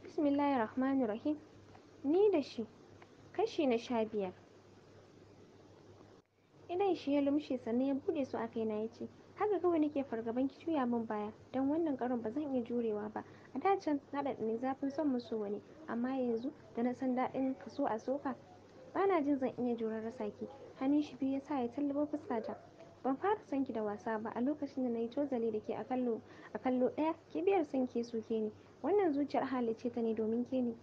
Bismillahir Rahmanir Rahim. Ni da shi, kashi na sha biyar. Idan shi ya lumshe sannan ya bude su a kaina ya ce, haka kawai nake fargaban ki juya min baya, don wannan karon ba zan iya jurewa ba. A dacin na ɗanɗani zafin son musu wani, amma yanzu da na san daɗin ka so a soka, ba na jin zan iya jurar rasa ki. hannun shi biyu ya sa ya tallabo fuskata ban fara son ki da wasa ba a lokacin da na yi tozali da ke a kallo a kallo ɗaya kibiyar son ke ni wannan zuciyar halicce ta ne domin ke ne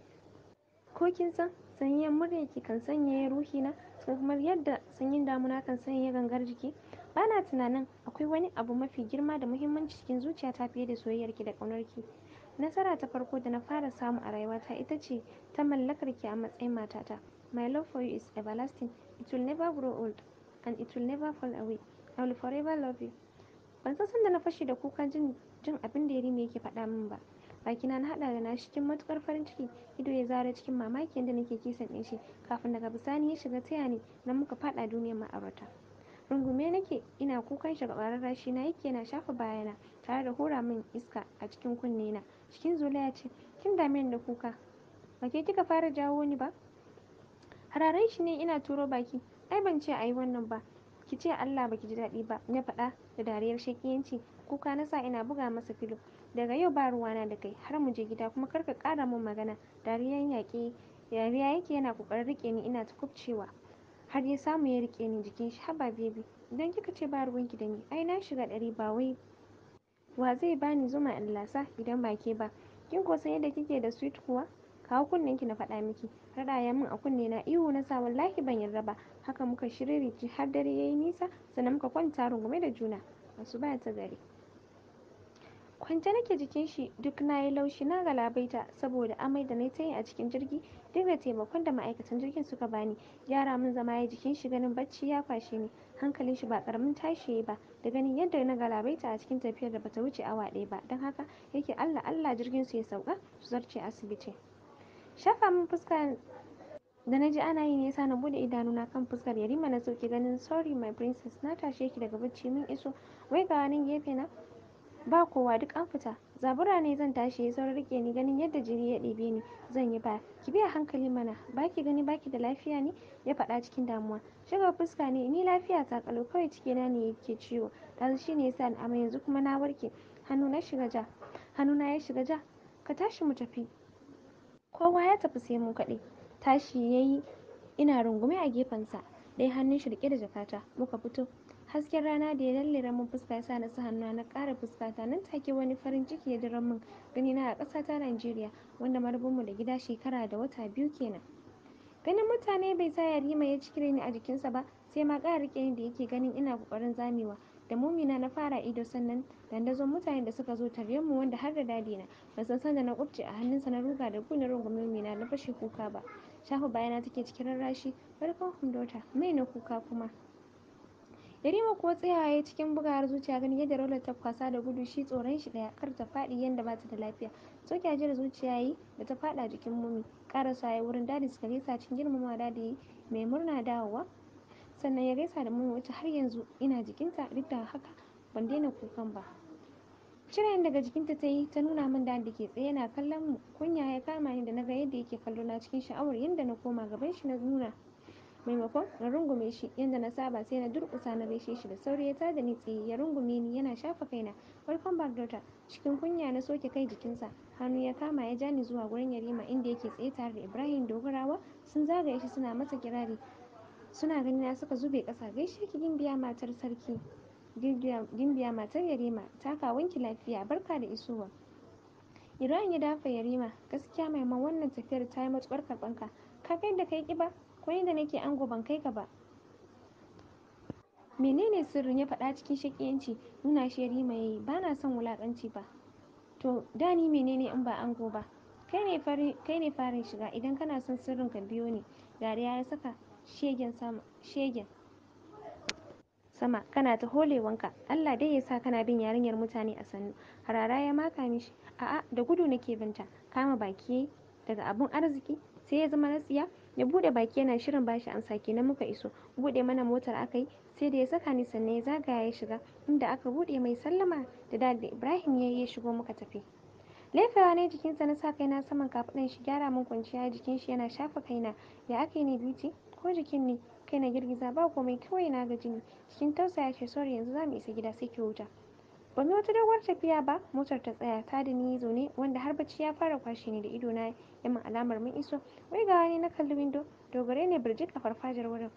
ko kin san sanyin murya ki kan ya ruhi na kamar yadda sanyin damuna kan sanya ya gangar jiki bana tunanin akwai wani abu mafi girma da muhimmanci cikin zuciyata fiye da soyayyar ki da ƙaunar ki nasara ta farko da na fara samu a rayuwata ita ce ta mallakar ki a matsayin matata my love for you is everlasting It will never grow old and it will never fall away. I will forever love you. Ban san sanda na fashi da kukan jin jin abin da Yarima yake faɗa min ba. baki na hada da na cikin matukar farin ciki, ido ya zara cikin mamaki yadda nake kisan ɗin shi, kafin daga bisani ya shiga taya ni na muka faɗa duniyar ma'aurata. Rungume nake ina kukan shiga ɓarar rashi na yake na shafa bayana tare da hura min iska a cikin kunne na. Cikin zuliya ce, kin dame da kuka. Ba ke kika fara jawo ni ba? Hararai shi ne ina turo baki. Ai ban ce a yi wannan ba. Ki ce Allah baki ji daɗi ba, na faɗa da dariyar shaƙiyanci. Kuka na sa ina buga masa filo. Daga yau ba ruwana da kai har mu je gida kuma kar ka ƙara min magana. Dariyan yaƙi yariya yake yana ƙoƙarin rike ni ina ta kubcewa. Har ya samu ya rike ni jikin shi haba bebe Idan kika ce ba ruwanki da ni, ai na shiga ɗari ba wai wa zai bani zuma in lasa idan ba ke ba. Kin ko san yadda kike da sweet kuwa? kawo kunnen ki na faɗa miki raɗa ya min a kunne na ihu na sa wallahi ban yarda ba haka muka shiririci har dare yayi nisa sannan muka kwanta rungume da juna wasu ba ta gari kwance nake jikin shi duk na yi laushi na galabaita saboda amai da na tayi a cikin jirgi duk da taimakon da ma'aikatan jirgin suka bani gyara mun zama ya jikin shi ganin bacci ya kwashe ni hankalin shi ba karamin tashi ba da ganin yadda na galabaita a cikin tafiyar da bata wuce awa ɗaya ba don haka yake allah allah jirgin su ya sauka su zarce asibiti shafa min fuska da na ji ana yi ne yasa na bude na kan fuskar yarima na sauke ganin sorry my princess na tashe ki daga bacci min iso wai ga nan gefe na ba kowa duk an fita zabura ne zan tashi ya saurin rike ni ganin yadda jiri ya ɗebe ni zan yi ba ki biya hankali mana baki gani baki da lafiya ne ya faɗa cikin damuwa shiga fuska ne ni lafiya ta kalu kawai na ne yake ciwo ɗazu shi ne yasa amma yanzu kuma na warke hannu na shiga ja hannu na ya shiga ja ka tashi mu tafi Kowa ya tafi sai mu kaɗai. Tashi ya yi, ina rungume a gefensa, dai hannun shi riƙe da jakata. Muka fito. Hasken rana da ya lalle min fuska ya sa na sa hannuwa na kara fuskata. Nan take wani farin ciki ya diran gani ganina a ƙasata Najeriya, wanda mu da gida shekara da wata biyu kenan. Ganin mutane bai sa Yarima ya cire ni a jikinsa ba, sai ma ƙara riƙe ni da yake ganin ina ƙoƙarin zamewa. da mumina na fara ido sannan dandazon mutanen da suka zo tare mu wanda har da dadi na ban san sanda na kubce a sa na ruga da gunin rungumin mumina na na fashe kuka ba shafa bayana take cikin rarrashi barkan hundota mai na kuka kuma Yarima kuwa tsayawa yayi cikin bugawar zuciya ganin yadda Roland ta kwasa da gudu shi tsoron shi daya kar ta faɗi yadda ba ta da lafiya. Soke ajiyar zuciya yi da ta fada jikin mumi. Karasa ya wurin dadi suka gaisa cikin girmamawa dadi mai murna dawowa sannan ya gaisa da mu wacce har yanzu ina jikinta duk da haka ban daina kukan ba cire daga jikinta ta yi ta nuna min da da ke tsaye yana kallon mu kunya ya kama ni da na ga yadda yake kallo na cikin sha'awar yadda na koma gaban shi na nuna maimakon na rungume shi yadda na saba sai na durƙusa na gaishe shi da sauri ya tada ni tsaye ya rungume ni yana shafa kaina welcome back daughter cikin kunya na soke kai jikinsa hannu ya kama ya ja ni zuwa gurin yarima inda yake tsaye tare da ibrahim dogarawa sun zagaye shi suna masa kirari suna ganina suka zube ƙasa gaishe ki gimbiya matar sarki gimbiya matar yarima ta kawunki lafiya barka da isowa iran ya dafa yarima gaskiya maimakon wannan tafiyar ta yi matuƙar karɓanka ka kai da kai ƙiba ko nake ango ban kai ka ba menene sirrin ya faɗa cikin shakiyanci nuna shi yarima yayi ba na son wulaƙanci ba to da ni menene in ba ango ba kai ne farin shiga idan kana son sirrin ka biyo ni dariya ya saka shegen sama shegen sama kana ta wanka Allah dai ya sa kana bin yarinyar mutane a sannu harara ya maka mishi a'a da gudu nake binta kama baki daga abun arziki sai ya zama na ya bude baki yana shirin bashi amsa na muka iso bude mana motar aka sai da ya saka ni sannan ya zagaya ya shiga inda aka bude mai sallama da dadi Ibrahim ya ya shigo muka tafi laifawa ne jikinsa na sa kaina saman kafin shi gyara min kwanciya jikin shi yana shafa kaina ya aka yi ne beauty ko jikin ne kai na girgiza ba komai kawai na ga jini cikin tausaya ce sorry yanzu za mu isa gida sai ki huta ba mu wata doguwar tafiya ba motar ta tsaya ta da ni ne wanda har bacci ya fara kwashe ni da ido na min alamar mun iso wai gawa ne na kalli windo dogare ne birji a farfajar wurin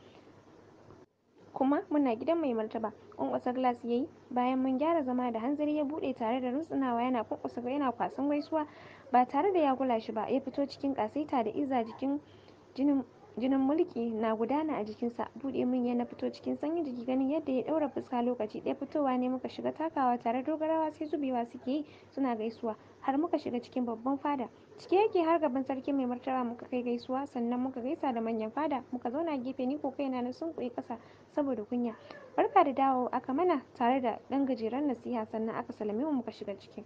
kuma muna gidan mai martaba kwankwasa ya yi bayan mun gyara zama da hanzari ya bude tare da rutsunawa yana kwankwasa yana kwasan gaisuwa ba tare da ya gula shi ba ya fito cikin kasaita da iza jikin jinin Jinin mulki na gudana a jikin jikinsa, bude min yana na fito cikin sanyi jiki ganin yadda ya daura fuska lokaci ɗaya fitowa ne muka shiga takawa tare dogarawa sai zubewa suke yi suna gaisuwa har muka shiga cikin babban fada. ciki yake har gaban sarki mai martaba muka kai gaisuwa sannan muka gaisa da manyan fada muka zauna gefe ni ko kai na sunkuye kasa saboda kunya. Barka da dawowa aka mana tare da ɗan gajeren nasiha sannan aka salame mu muka shiga ciki.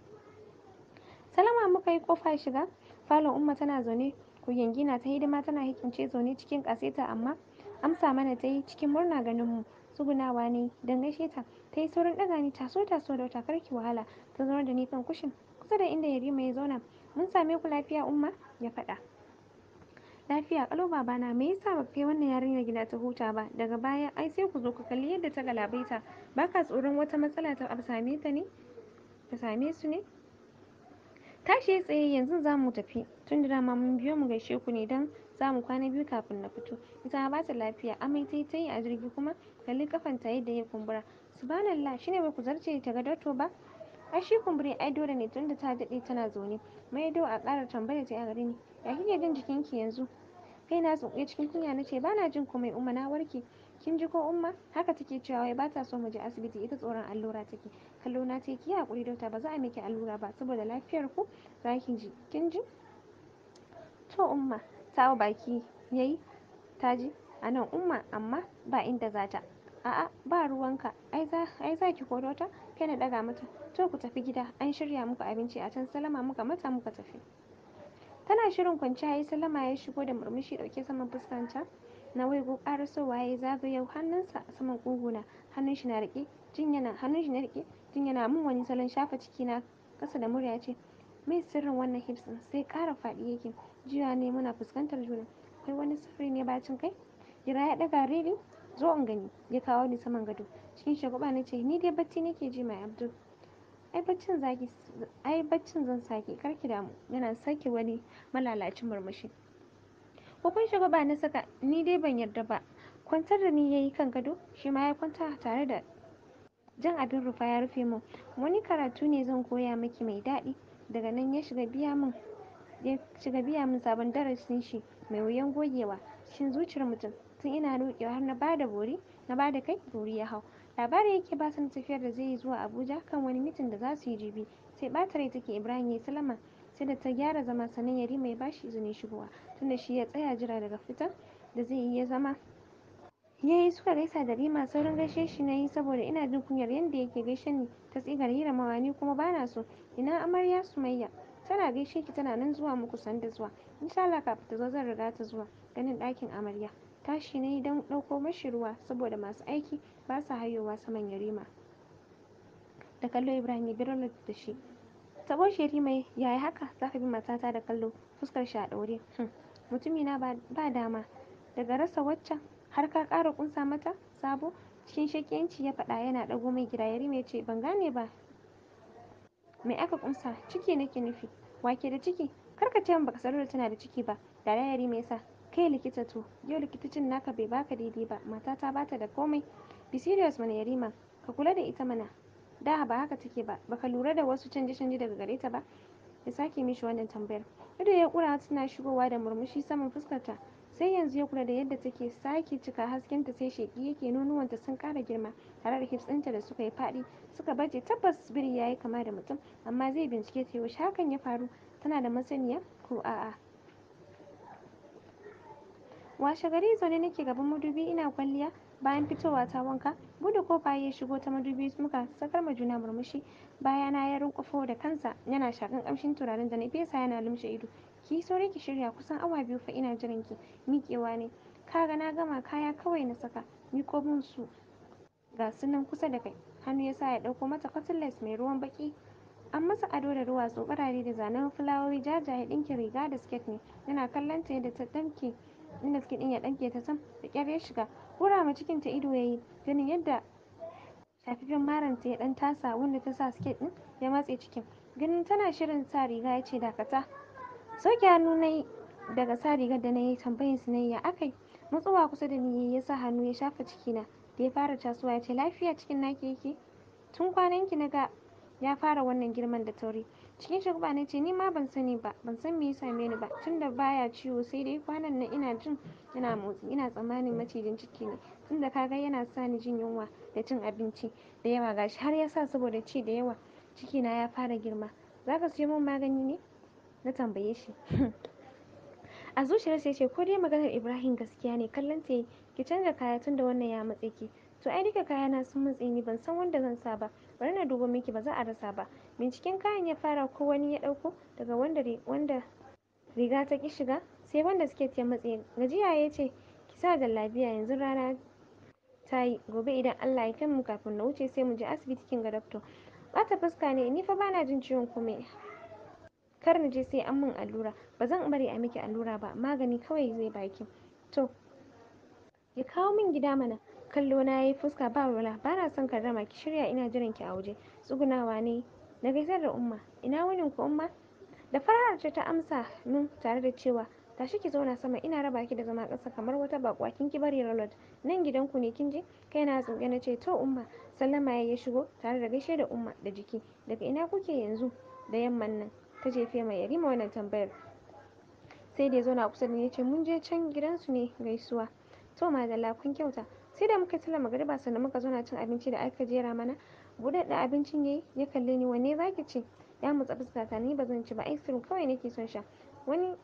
Salama muka yi kofa shiga falon Umma tana zaune ko yangina ta hidima tana hikimce zaune cikin ƙasaita amma amsa mana ta yi cikin murna ganin mu. Tsugunawa ne. don gaishe ta. Ta yi saurin ɗaga ni taso taso dauta kar ki wahala. Ta zaunar da ni kan kushin kusa da inda yari mai zauna. Mun same ku lafiya Umma ya faɗa. Lafiya kalo babana me yasa ba kai wannan yarinya gida ta huta ba daga baya ai sai ku zo ku kalli yadda ta galabaita baka tsoron wata matsala ta same ta ne ta same su ne tashi tsaye yanzu za mu tafi tun da dama mun biyo mu gaishe ku ne don za kwana biyu kafin na fito ita ba ta lafiya amai tai ta yi a jirgi kuma kalli kafanta yadda ya kumbura subhanallah shine ba ku zarce ta ga dato ba ai shi kumburin ai dole ne tunda ta daɗe tana zaune maido a ƙara tambaya ta gare ni ya kike jin jikin ki yanzu kai na tsunkuye cikin kunya na ce bana jin komai umma na warke kin ji ko umma haka take cewa wai bata so mu je asibiti ita tsoron allura take kallo na ce ki hakuri dauta ba za a miki allura ba saboda lafiyar ku za ki ji kin ji To Umma, ta baki ya yi, ta ji, a nan Umma, amma ba inda zata A'a, ba ruwanka, ai za ki koro ta? Kai na ɗaga mata, to ku tafi gida, an shirya muku abinci a can salama muka mata muka tafi. Tana shirin kwanciya ya salama ya shigo da murmushi ɗauke saman fuskanta. Na waigo ƙarasowa ya yi zagayau hannunsa a saman ƙuguna, hannun shi na riƙe, jin yana, hannun shi na riƙe, jin yana min wani salon shafa ciki na kasa da murya ce, Mai sirrin wannan hips in Sai ƙara faɗi yake. Jiya ne muna fuskantar juna. Akwai wani sufuri ne bacin kai? Jira ya ɗaga rili. Zo in gani. Ya kawo ni saman gado. Cikin shagwaɓa na ce, ni dai bacci nake ji mai Abdul. Ai baccin zaki, ai baccin zan sake, kar ki damu. Yana sake wani malalacin murmushi. kun shagaba na saka, ni dai ban yarda ba. Kwantar da ni ya yi kan gado, shi ma ya kwanta tare da jan abin rufa ya rufe mun. Wani karatu ne zan koya miki mai daɗi. daga nan ya shiga biya min ya shiga biya min sabon darasin shi mai wuyan gogewa cikin zuciyar mutum tun ina rokewa har na bada bori na bada kai bori ya hau labarin yake ba su tafiyar da zai yi zuwa abuja kan wani mitin da za su yi jibi sai bata take ibrahim ya yi salama sai da ta gyara zama sannan ya rima ya bashi izinin shigowa tunda shi ya tsaya jira daga fitan da zai iya zama yayi suka gaisa da rima saurin gaishe shi na yi saboda ina jin kunyar yadda yake gaishe ni ta tsigar hiramawa ni kuma bana so ina amarya sumayya tana gaishe ki tana nan zuwa muku sanda zuwa insha Allah kafin ta zo zan riga ta zuwa ganin ɗakin amarya tashi ne don ɗauko mashi ruwa saboda masu aiki ba su hayowa saman yarima da kallo ibrahim ya biro da shi tabo shi yarima yi haka za ka bi matata da kallo fuskar shi a ɗaure hm, mutumi na ba dama daga rasa waccan har ka ƙara ƙunsa mata sabo cikin shakiyanci ya faɗa yana ɗago mai gida yarima mai ce ban gane ba me aka ƙunsa ciki nake nufi wake da ciki kar ka ce min baka sanar da tana da ciki ba dariya yarima ya sa kai likita to yau likitocin naka bai baka daidai ba matata bata da komai be serious mana yarima ka kula da ita mana da ba haka take ba baka lura da wasu canje canje daga gare ta ba ya sake mishi wannan tambayar ido ya kura tana shigowa da murmushi saman fuskarta sai yanzu ya kula da yadda take sake cika haskenta sai sheki yake ta sun kara girma tare da hips ɗinta da suka yi fadi suka baje tabbas biri ya yi kama da mutum amma zai bincike ta yaushe hakan ya faru tana da masaniya ko a'a washe gari zaune nake gaban madubi ina kwalliya bayan fitowa ta wanka bude kofa ya shigo ta madubi muka sakar ma juna murmushi bayana ya rinkufo da kansa yana shakan kamshin turaren da na fesa yana lumshe ido ki sauri ki shirya kusan awa biyu fa ina jiran ki miƙewa ne kaga na gama kaya kawai na saka miko min su ga sunan kusa da kai hannu ya sa ya dauko mata cutlass mai ruwan baki an masa ado da ruwa birane da zanen fulawoyi jajaye ɗinkin riga da siket ne yana kallon ta yadda ta ɗamke inda siket din ya ɗamke ta sam da kyar ya shiga hura ma cikin ta ido ya yi, ganin yadda shafaffen maranta ya ɗan tasa wanda ta sa siket ɗin ya matse cikin. Ganin tana shirin sa riga ya ce dakata. Sauke hannu na yi daga sa rigar da na yi tambayin su na yi ya akai. Matsuwa kusa da ni ya sa hannu ya shafa cikina da ya fara tasowa ya ce lafiya cikin naki yake. Tun kwanan ki na ga ya fara wannan girman da tauri cikin shagwaba na ce ni ma ban sani ba ban san me ya same ni ba tunda baya ciwo sai dai kwanan nan ina jin yana motsi ina tsammanin macijin ciki ne tunda kaga yana sa ni jin yunwa da cin abinci da yawa gashi har ya sa saboda ci da yawa ciki na ya fara girma zaka siyo min magani ne na tambaye shi a zuciyar ya ce ko dai maganar ibrahim gaskiya ne kallon ta ki canza kaya tunda wannan ya matse ki to ai duka kayana sun matse ni ban san wanda zan sa ba Bari na duba miki ba za a rasa ba. Binciken kayan ya fara ko wani ya ɗauko, daga wanda riga ta ki shiga, sai wanda suke ya matse. Gajiya ya ce, ki sa jallabiya yanzu rana ta yi, gobe idan Allah ya kai mu kafin na wuce sai mu je asibiti kin ga dakto. bata fuska ne, ni fa ba na jin ciwon komai. Kar na je sai an min allura. Ba zan bari a miki allura ba, magani kawai zai baki. To, ya kawo min gida mana. kallo na yayi fuska ba walwala bana son karrama ki shirya ina jiran ki a waje tsugunawa ne na gaisar da umma ina wunin ku umma da farar ta ta amsa min tare da cewa tashi ki zauna sama ina raba ki da zama ƙasa kamar wata bakwa kin ki bari ralot nan gidanku ne kin je kai na tsinke na ce to umma sallama ya shigo tare da gaishe da umma da jiki daga ina kuke yanzu da yamman nan ta jefe mai yarima wannan tambayar sai da ya zauna kusa da ni ya ce mun je can gidansu ne gaisuwa to madalla kun kyauta sai da muka sallar magariba sannan muka zo na cin abinci da aka jera mana buɗaɗɗen abincin yayi ya kalle ni wanne zaki ci ya mutsa ta ni ba zan ci ba ice cream kawai nake son sha wani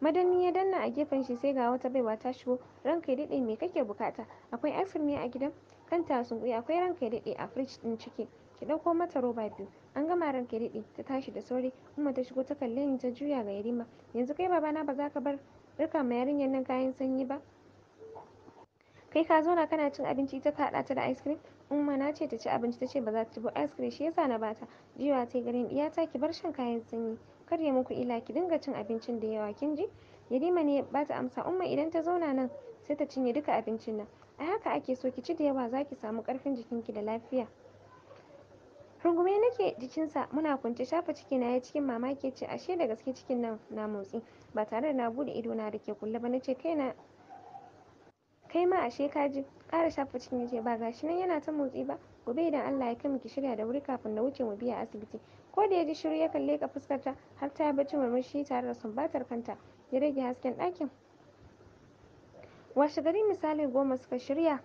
madanni ya danna a gefen shi sai ga wata baiwa ta shigo ranka ya daɗe me kake bukata akwai ice cream ne a gidan kan sun sunkuya akwai ranka ya daɗe a fridge din ciki ki ɗauko mata roba biyu an gama ranka ya daɗe ta tashi da sauri kuma ta shigo ta kalle ni ta juya ga yarima yanzu kai babana ba za ka bar rika ma yarinyar nan kayan sanyi ba kai ka zauna kana cin abinci ita ka haɗa ta da ice cream umma na ce ta ci abinci ta ce ba za ta ci ba ice cream shi yasa na bata jiwa ta garin ta ki bar shan kayan sanyi kar ya muku ila ki dinga cin abincin da yawa kin ji yarima ne ba ta amsa umma idan ta zauna nan sai ta cinye duka abincin nan a haka ake so ki ci da yawa za ki samu ƙarfin jikinki da lafiya rungume nake jikinsa muna kwance shafa ciki na ya cikin mamaki ce ashe da gaske cikin nan na motsi ba tare da na bude ido na da ke kulle ba na ce kai na. kai ma ashe ka ji ƙara shafa cikin yace ba gashi nan yana ta motsi ba gobe idan Allah ya kai mu ki shirya da wuri kafin na wuce mu biya asibiti ko da ya shiru yakan leka fuskar ta har ta bacci murmushi tare da sumbatar kanta ya rage hasken ɗakin washe gari misali goma suka shirya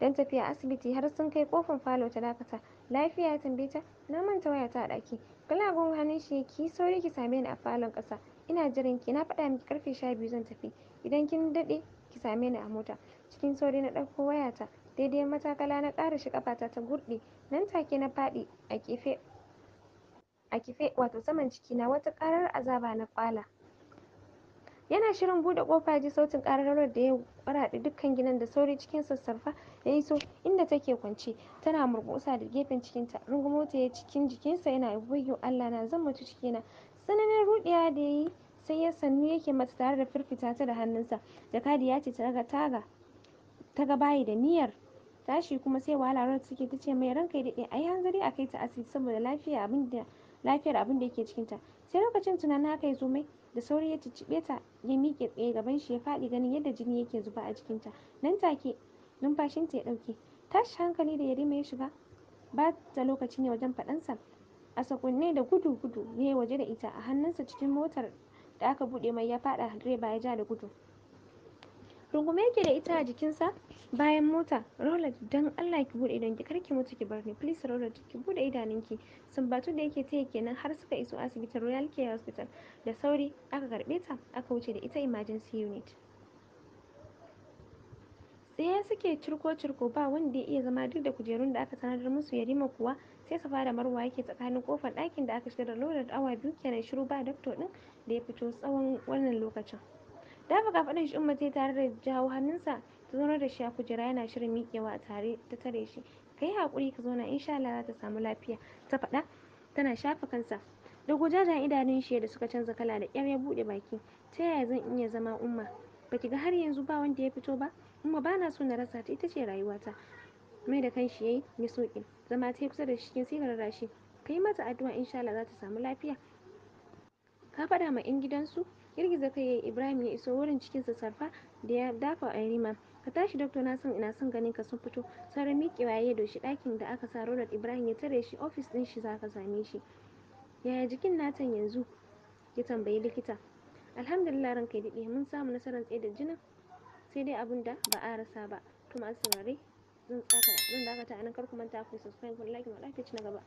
dan tafiya asibiti har sun kai kofin falo ta dakata lafiya ya tambaye ta na manta waya ta ɗaki gon hannun shi ki sauri ki same ni a falon ƙasa ina jiran ki na faɗa miki karfe sha biyu zan tafi idan kin daɗe ki same ni a mota. Cikin sauri na ɗauko wayata. Daidai matakala na ƙara shi ƙafata ta gurɗe. Nan take na faɗi a kife a kife wato saman cikina wata ƙarar azaba na ƙwala. Yana shirin buɗe ƙofa ji sautin ƙararrawar da ya ƙwaraɗe dukkan ginin da sauri cikin sassarfa ya iso inda take kwance tana murƙusa da gefen cikinta rungumo ya cikin jikinsa yana wayyo Allah na zan mutu cikina tsananin ruɗiya da ya yi sai ya sannu yake mata tare da firfita ta da hannunsa jakadiya ce ta ga taga ta ga bayi da niyyar tashi kuma sai wahala ran suke ta ce mai ranka daɗe ai hanzari a kai ta asibiti saboda lafiya abin da lafiyar abin da yake cikinta sai lokacin tunanin haka ya zo mai da sauri ya cicciɓe ta ya miƙe tsaye gaban shi ya faɗi ganin yadda jini yake zuba a jikinta nan take numfashinta ya ɗauke tashi hankali da yarima ya shiga ba ta lokaci ne wajen faɗansa a sakunne da gudu-gudu ya waje da ita a hannunsa cikin motar da aka buɗe mai ya faɗa direba ya ja da gudu rungume yake da ita a jikinsa bayan mota roland don allah ki buɗe idan ki kar ki mutu ki bar ni please roland ki buɗe idanunki batu da yake ta taya kenan har suka iso asibitin royal care hospital da sauri aka karɓe ta aka wuce da ita emergency unit tsaye suke cirko-cirko ba wanda ya iya zama duk da kujerun da aka da musu yarima kuwa sai ka fara marwa yake tsakanin kofar ɗakin da aka shiga da lodar awa biyu kenan shiru ba dakto ɗin da ya fito tsawon wannan lokacin dafa faɗin shi umma tare da jawo hannunsa ta zauna da shi a kujera yana shirin miƙewa a tare ta tare shi kai haƙuri ka zauna insha Allah za ta samu lafiya ta faɗa tana shafa kansa da gujajen idanun shi da suka canza kala da ƙyar ya buɗe baki ta yaya zan iya zama umma baki ga har yanzu ba wanda ya fito ba umma ba na so na rasa ta ita ce rayuwata mai da kanshi yayi ya soke zama ta kusa da shi cikin sigar rashi kai mata addu'a insha Allah za ta samu lafiya ka faɗa ma in gidansu girgiza kai yi Ibrahim ya iso wurin cikin sa sarfa da ya dafa a ka tashi doctor na san ina son ganin ka sun fito sauran waye ya shi ɗakin da aka sa da Ibrahim ya tare shi ofis ɗin shi zaka same shi yaya jikin natan yanzu ya tambayi likita alhamdulillah ranka daɗe mun samu nasarar tsaye da jinin sai dai abun da ba a rasa ba to masu saurare zan tsaka zan dakata a nan kar ku manta ku subscribe ku like mu like na gaba